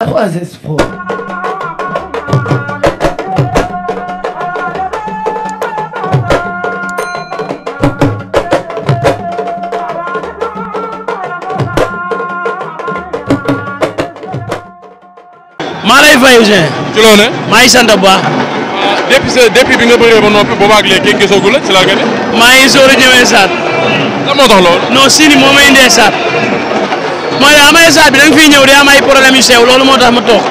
That was his fault. maa lay fay Ouzin. ci loo ne. maa ngi sant bu baax. depuis sa depuis bi nga bëree ba noppi boobaag léegi kenn gisagu la ci laa nga ne. maa ngi sóor a ñëwee saat. lan moo tax loolu. non Sini moo may indee saat. mooy daa am bi da nga fiy ñëw day am ay problème yu sew loolu moo tax ma toog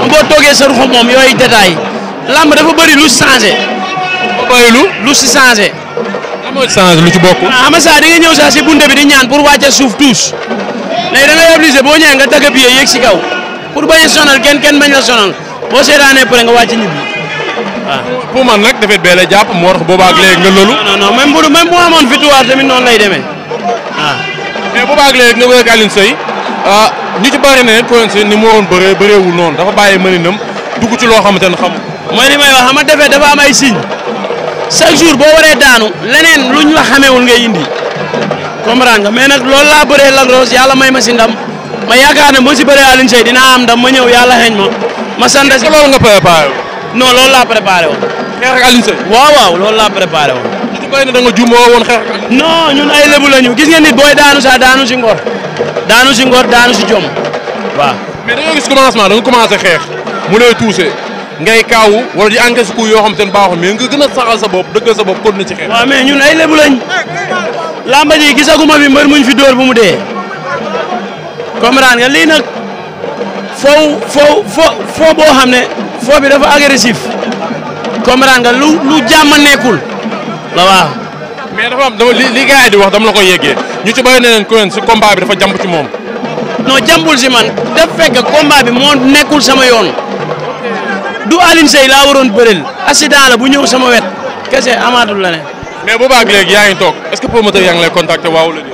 am boo toogee sa ruxu yooyu détail lamb dafa bëri lu changé. dafa bëri lu si changé. amoo changé lu ci bokk. ah xam nga saa da nga ñëw saa si bunte bi di ñaan pour wàcce suuf tuus léegi da ngay obligé boo ñëwee nga tagg a pied yéeg si kaw pour bañ a sonal kenn kenn bañ la sonal boo seetaanee pare nga wàcc ñibbi waaw. Ah. pour man nag dafet bee la jàpp moo tax boobaa ak léegi nga loolu. non non même bu même bu m noonu lay demee waaw. Ah. mais boobaa ak léegi nga ah ñu ci bëri ne Quench ni mu waroon bëree bëreewul noonu dafa bàyyi mëninam dugg ci loo xamante ne xam. mooy li may wax xam ma defee dafa am ay signe chaque jour boo waree daanu leneen luñ la xamewul ngay indi comprendre nga mais nag lool laa bëree Lac Rose yàlla may ma si ndam ma yaakaar ne moo si bëree Alioune Seye dinaa am ndam ma ñëw yàlla xeeñ ma ma sant si. loolu nga préparé woon. non no laa préparé woon. xeex ak Alioune Seye. waaw waaw loolu laa préparé woon. ñu ci bëri ne da nga juumoo lañu gis ngeen nit booy daanu sa daanu si ngor. daanu si ngor daanu si jom waaw. mais gis commencement da nga commencé xeex mu lay tuuse ngay kaawu wala di encaissé ku yoo xam te ne baaxul mais nga gën a saxal sa bopp dëggal sa bopp kon na ci ñun ay lébu lañ lamba ji gisaguma bi mbër muñ fi dóor bu mu dee comprendre nga lii nag foo foo foo boo xam ne foo bi dafa agressif comprendre nga lu lu jàmm nekkul la waaw. mais dafa am dama li li di wax dama la koy yeggee ñu ci bëri ne leen si combat dafa jàmp ci moom. non jàmpul si man daf fekk combat bi moo nekkul sama yoon du Alioune Seye laa waroon bëril accident la bu ñëw sama wet kese amaatul la ne. mais boobaa ak léegi yaa ngi toog est-ce que promoteur yaa ngi lay contacter waaw la di.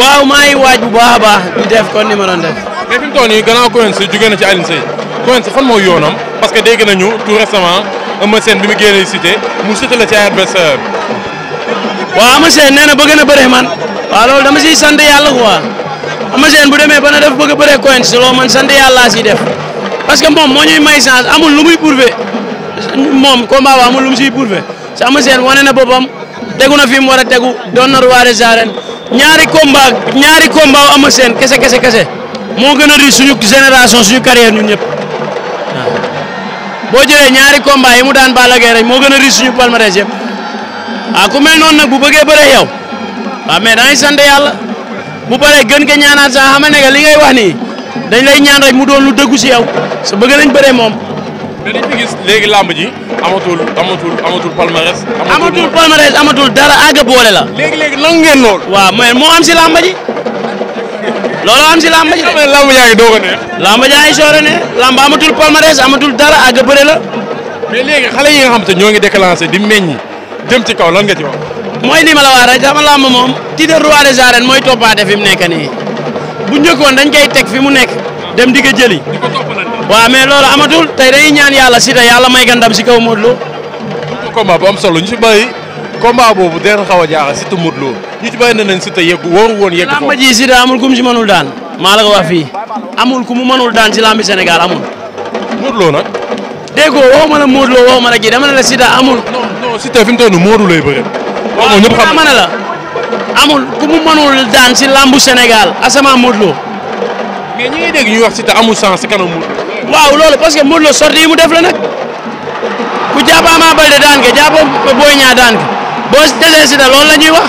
waaw maa ngi waaj bu baa a baax di def kon ni ma doon def. mais fi mu toll nii gannaaw Quench jugee na ci Alioune Seye Quench fan mooy yoonam parce que dégg nañu tout récemment Eumeu Sène bi waaw Ama Sène nee na bëgg na bëree man waaw loolu dama siy sant yàlla quoi amaseen bu demee ba na def bëgg a bëree Quench loolu man sant yàlla siy def parce que moom moo ñuy may chance amul lu muy prouvé moom combat ba amul lu mu siy prouvé te Ama wane na boppam tegu na fi mu war a tegu doon na roi ñaari combat ñaari combat wu Ama kese kese kese moo gën a riche suñu génération suñu carrière ñun ñëpp boo jëlee ñaari combat yi mu daan Balla Gaye rek moo gën a riche suñu palmarès waaw ah, ku mel noonu nag bu bëggee bëree yow waaw ah, mais dangay sant yàlla bu bëree gën nga ñaanaat sax xam li ngay wax nii dañ lay ñaan rek mu doon lu dëggu si yow sa bëgg lañ bëree moom. mais dañu gis léegi làmb ji amatul amatul amatul palmarès. amatul palmarès dara àgg boole la. léegi léegi nangu ngeen lool. waaw mais moo am si làmb ji loolu am si làmb ji. mais a làmb jaa ngi soore ne làmb amatul palmarès amatul dara àgg boole la. mais léegi xale yi nga xam te ñoo ngi déclenché di meññ. jëm ci kaw lan nga ci mooy li ma la moom titre roi des mooy toppaate fi mu nekk nii bu dañ koy teg fi nekk dem di ko jëli. a mais loolu amatul tey dañuy ñaan yàlla si te yàlla may gandam si kaw Modou Lo. combat bu am solo ñu si bàyyi combat boobu deen xaw a jaaxal surtout Modou Lo ñu ci bàyyi ne nañ si te yeggu wóoru woon yeggu làmb ji si amul ku mu si mënul daan maa la ko wax amul ku mu daan si làmbi Sénégal amul Modou Lo nag déggoo waxuma la la kii dama ne la Sida non Siteu fi mu toll nii Modou lay bëre. waaw ñëpp xam ma ne la amul ku mu mënul daan si lambu Sénégal asama Modou Lo. mais ñi ngay dégg ñuy wax Siteu amul sens si kanam Modou. waaw loolu parce que Modou Lo sorti yi mu def la nag ku jàpp Ama Baldé daan ko jàpp Boy Niang daan ko boo desee Siteu loolu la ñuy wax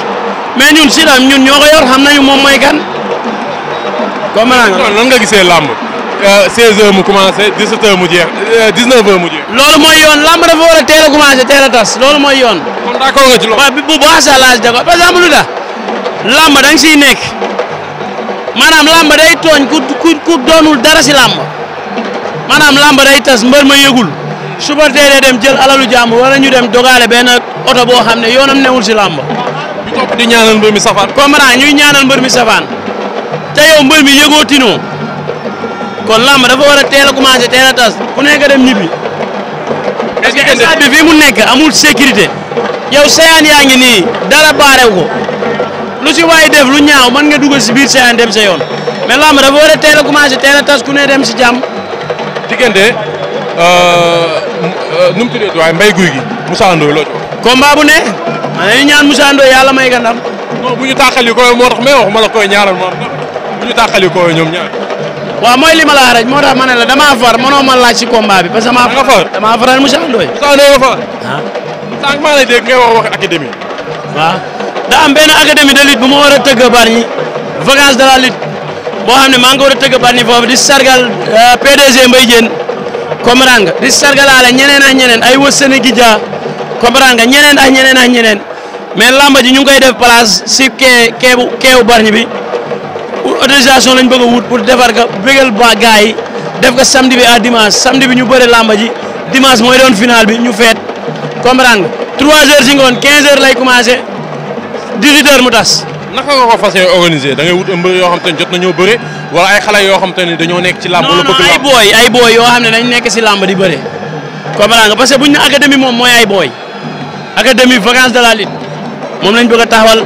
mais ñun Siteu ñun ñoo ko yor xam nañu moom mooy kan. comme nan nga gisee lamb. Euh, seize heures mu commencé dix sept mu jeex euh, dix loolu mooy yoon lamb dafa war a teel a commencé tas loolu mooy yoon. kon d'accord nga ci loolu. waaw bu bu baax sax laaj d'accord par exemple da nga siy nekk maanaam lamb day tooñ ku doonul dara si lamb maanaam lamb day tas mbër ma yëgul suba teelee dem jël alalu jàmbur wala ñu dem dogaale benn oto boo xam ne yoonam newul si lamb. ñu topp di ñaanal mbër mi safaan. mi safaan te yow mbër mi yëgoo tinoo kon làmb dafa war a teel a commencé a tas ku nekk dem ñibbi. est-ce que stade bi fii mu nekk amul sécurité. yow yaa ngi nii dara baarew ko lu si waaye def lu ñaaw man nga dugal si biir séyaan dem sa yoon mais làmb dafa war a teel tas ku ne dem si jàmm. diggante euh, euh, nu mu tuddee waaye mbay guy gi Moussa Ndoye loo ci wax. ne. ma ne ñaan Moussa Ndoye yàlla may nga ndam. non bu ñu tàqali ko moo tax mais wax ma la koy ñaaral ma bu ñu tàqali ñoom ñaar. waaw mooy li ma la rek moo tax ma ne la damaa far mënoo ma laaj si combat bi parce que damaa. nga far damaa faral Moussa Ndoye. Moussa Ndoye nga far. ah. sànq maa lay dégg ngay wax wax académie. waaw daa am benn académie de lutte bu ma war a tëgg a bari ñi vacance de la lutte boo xam ne maa ngi war a tëgg a bari ñi foofu di sargal euh, PDG Mbaye Diène comprendre nga di sargalaale ñeneen ak ñeneen ay wëssane gi ja comprendre nga ñeneen ak ñeneen ak ñeneen mais lamba ji ñu ngi koy def place si kee keebu keewu bari ñi bi. pour autorisation lañ bëgg a wut pour defar ka bégal ba gars def ko samedi bi à dimanche samedi bi ñu bëre làmba ji dimanche mooy doon final bi ñu feet comprendre nga heures si ngoon lay commencé 18 mu tas. naka nga ko fas yéene organisé wut mbër yoo xam te ne jot nañoo bëre wala ay xale yoo xam te ne dañoo nekk ci làmb. di bëre. comprendre nga parce que ne académie moom mooy ay booy académie vacances de la moom lañ bëgg a taxawal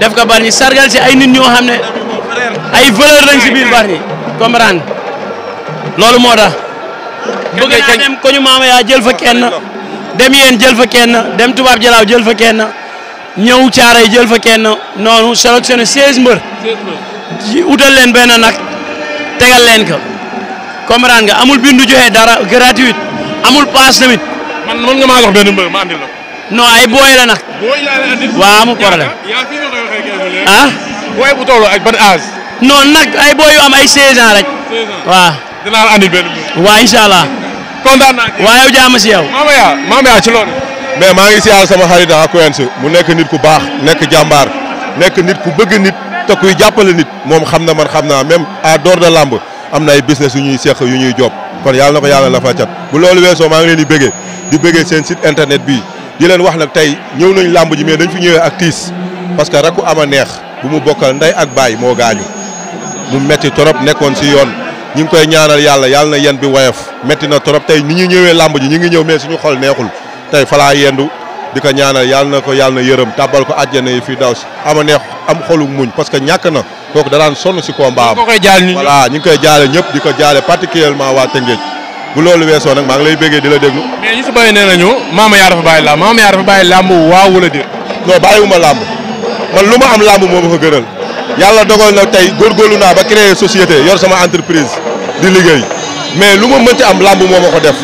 def ko ay valeur nañ si biir bari comprendre loolu moo tax. bëgg naa dem maama yaa jël fa kenn dem yeen jël fa kenn dem tubaab jalaaw jël fa na ñëw caare jël fa na noonu sélectionné 16 mbër. 16 mbër utal leen benn nag tegal leen ko comprendre amul bindu joxe dara gratuit amul paas tamit. man mën ay booy la nag. booy la la andil. booy bu toll ak ban âge. non nag ay booy yu am ay 16 ans rek. 16 ans andi benn bi. waaw incha allah. kontaan naa ci yow waaw yow si yow. maama yaa maama yaa mais maa ngi siyaar sama xarit ak ah, Quench mu nekk nit ku baax nekk jàmbaar nekk nit ku bëgg nit te kuy jàppale nit moom xam na man xam naa même à door de lamb am na ay business yu ñuy seq yu ñuy job kon yàlla na ko yàlla la fa cat bu loolu weesoo maa ngi leen di bëggee di bëggee seen sit internet bi di leen wax nag tey ñëw nañ làmb ji me nañ fi ñëwee ak tiis parce que rakku ama neex bu mu bokkal ndey ak baay moo gaañu mu metti trop nekkoon si yoon ñi ngi koy ñaanal yàlla yàlla na yen bi woyof metti na trop tey ni ñu ñëwee làmb ji ñu ngi ñëw mais suñu xol neexul tey falaa yendu di ko ñaanal yàlla na ko yàlla na yërëm tàbbal ko àjjana yi fii daw si ama neex am xolu muñ parce que ñàkk na kooku da daan sonn si combat am voilà ñu ngi koy jaale ñëpp di ko jaale particulièrement waa Tëngéej bu loolu weesoo nag maa ngi lay béggee di la déglu mais ñu si bàyyi nee nañu maama yaa dafa bàyyi làmb maama yaa dafa bàyyi làmb waaw wala man lu ma am làmb moo ma ko gënal yàlla dogal na tey góorgóorlu naa ba créer société yor sama entreprise di liggéey mais lu ma mënti am làmb moo ma ko def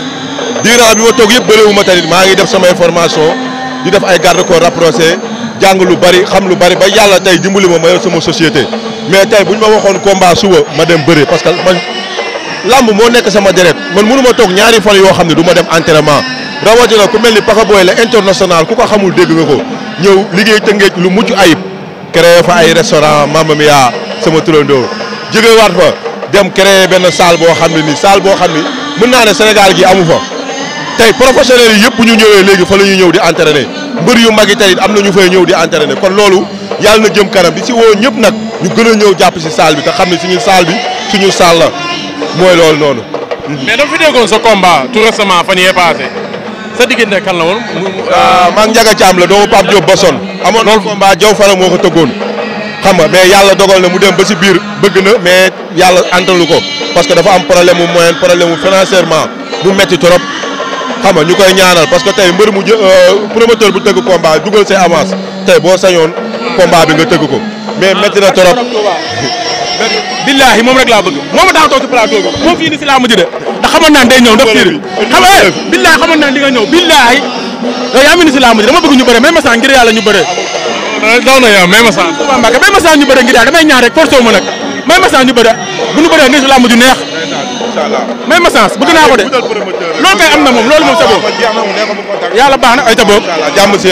diiran bi ma toog yëpp bëriwu ma tamit maa ngi def samay formation di def ay garde corps rapproché jàng lu bari xam lu bari ba yàlla tey dimbali ma ma yor sama société mais tey bu ñu ma waxoon combat suba ma dem bëri parce que man làmb moo nekk sama deret man mënu ma toog ñaari fan yoo xam ne du ma dem entraînement rawatina ku mel ni Paka Boy international ku xamul dégg nga ko ñëw liggéey Tëngéej lu mucc ayib créé fa ay restaurant Mamma Mia sama turandoo jógewaat fa dem créé benn salle boo xam ne nii salle boo xam ni mën naa ne Sénégal gi amu fa tey professionnels yi yëpp ñu ñëwee léegi fa la ñuy ñëw di entraîner mbër yu mag yi tey am na ñu fay ñëw di entraîner kon loolu yàlla na jëm kanam di si woo ñëpp nag ñu gën a ñëw jàpp si salle bi te xam ne suñu salle bi suñu salle la mooy loolu noonu. mais dama fi déggoon sa combat tout récemment fan sa diggante kan la woon. Ah, maa ngi Caam la doomu Pape Diop Basson. amoon na combat Jaw Fara moo ko tëggoon. xam nga mais yàlla dogal na mu dem ba si biir bëgg na mais yàlla antalu ko parce que dafa am problème mu moyen problème mu financièrement bu metti trop. xam nga ñu koy ñaanal parce que tey mbër mu jë euh, promoteur bu tëgg combat dugal say avance tey boo sañoon combat bi nga tëgg ko mais ah, métti na trop. billaahi moom rek laa bëgg moom a daan toog si plateau bi moom fii si ndax xamoon naa day ñëw ndax Siri xam nga billaay xamoon di nga ñëw billaay yow yaa ministre laa mujj dama bëgg ñu bëre may ma saa ngir yàlla ñu bëre daw na yaa may ma saa Touba Mbacké may ma saa bu ñu bëree ngir laa neex may ma saa naa ko de loolu am na moom loolu moom sa boobu yàlla baax na ay ta boobu jàmm si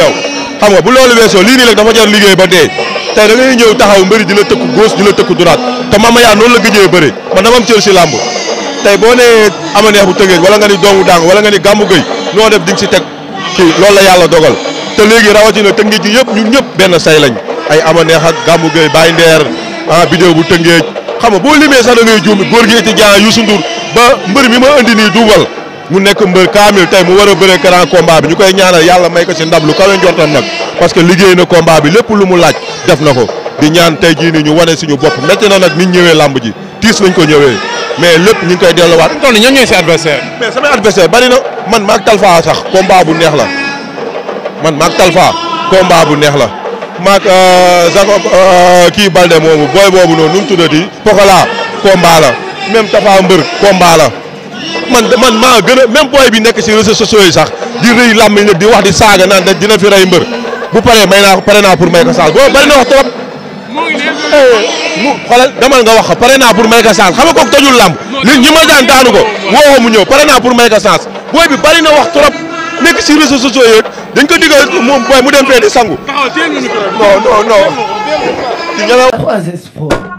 bu loolu weesoo lii nii rek dafa jar ba dee tey da ngay ñëw taxaw mbëri di la tëkku góos di la tëkku duraat te Mama Yane noonu la gëjee tey boo nee ama neex bu tëngee wala nga ni doomu daang wala nga ni gàmmu gëy noo def di nga si teg kii loolu la yàlla dogal te léegi rawatina tëngéej gi yëpp ñun ñëpp benn say lañ ay ama neex ak gàmmu gëy bàyyi ndeer ah bidéo bu tëngéej xam nga boo limee sax da ngay juum góor gi ci jaan Youssou Ndour ba mbër mi ma indi nii duubal mu nekk mbër kaamil tey mu war a bëre grand combat bi ñu koy ñaanal yàlla may ko si ndab lu kawe njortam nag parce que liggéey na combat bi lépp lu mu laaj def na ko di ñaan tey jii nii ñu wane suñu bopp métti na nag ñëwee làmb ji tiis lañ ko ñëwee mais lépp ñu ngi koy delloowaat. fi mu toll nii ñoom ñooy si adversaire mais samay adversaire bari na man maag Talfa sax combat bu neex la man maag Talfa combat bu neex la maag Jacob euh, euh, kii Balde moomu booy boobu noonu nu mu tuddati. Pokola combat la même Mbër combat la man man maa gën a booy bi nekk si réseaux sociaux yi sax di rëy làmmiñ di wax di saaga naan dina fi rey mbër bu paree may naa ko pare naa pour may ko boo bari na wax trop. mu xoolal demal nga wax ko pare naa pour may ko chance xam nga kooku tojul làmb nit ñi ma daan daanu ko woo mu ñëw pare naa pour may ko chance booy bi bari na wax trop nekk si réseaux sociaux yooyu dañ ko digal moom booy mu dem fee di sangu non non non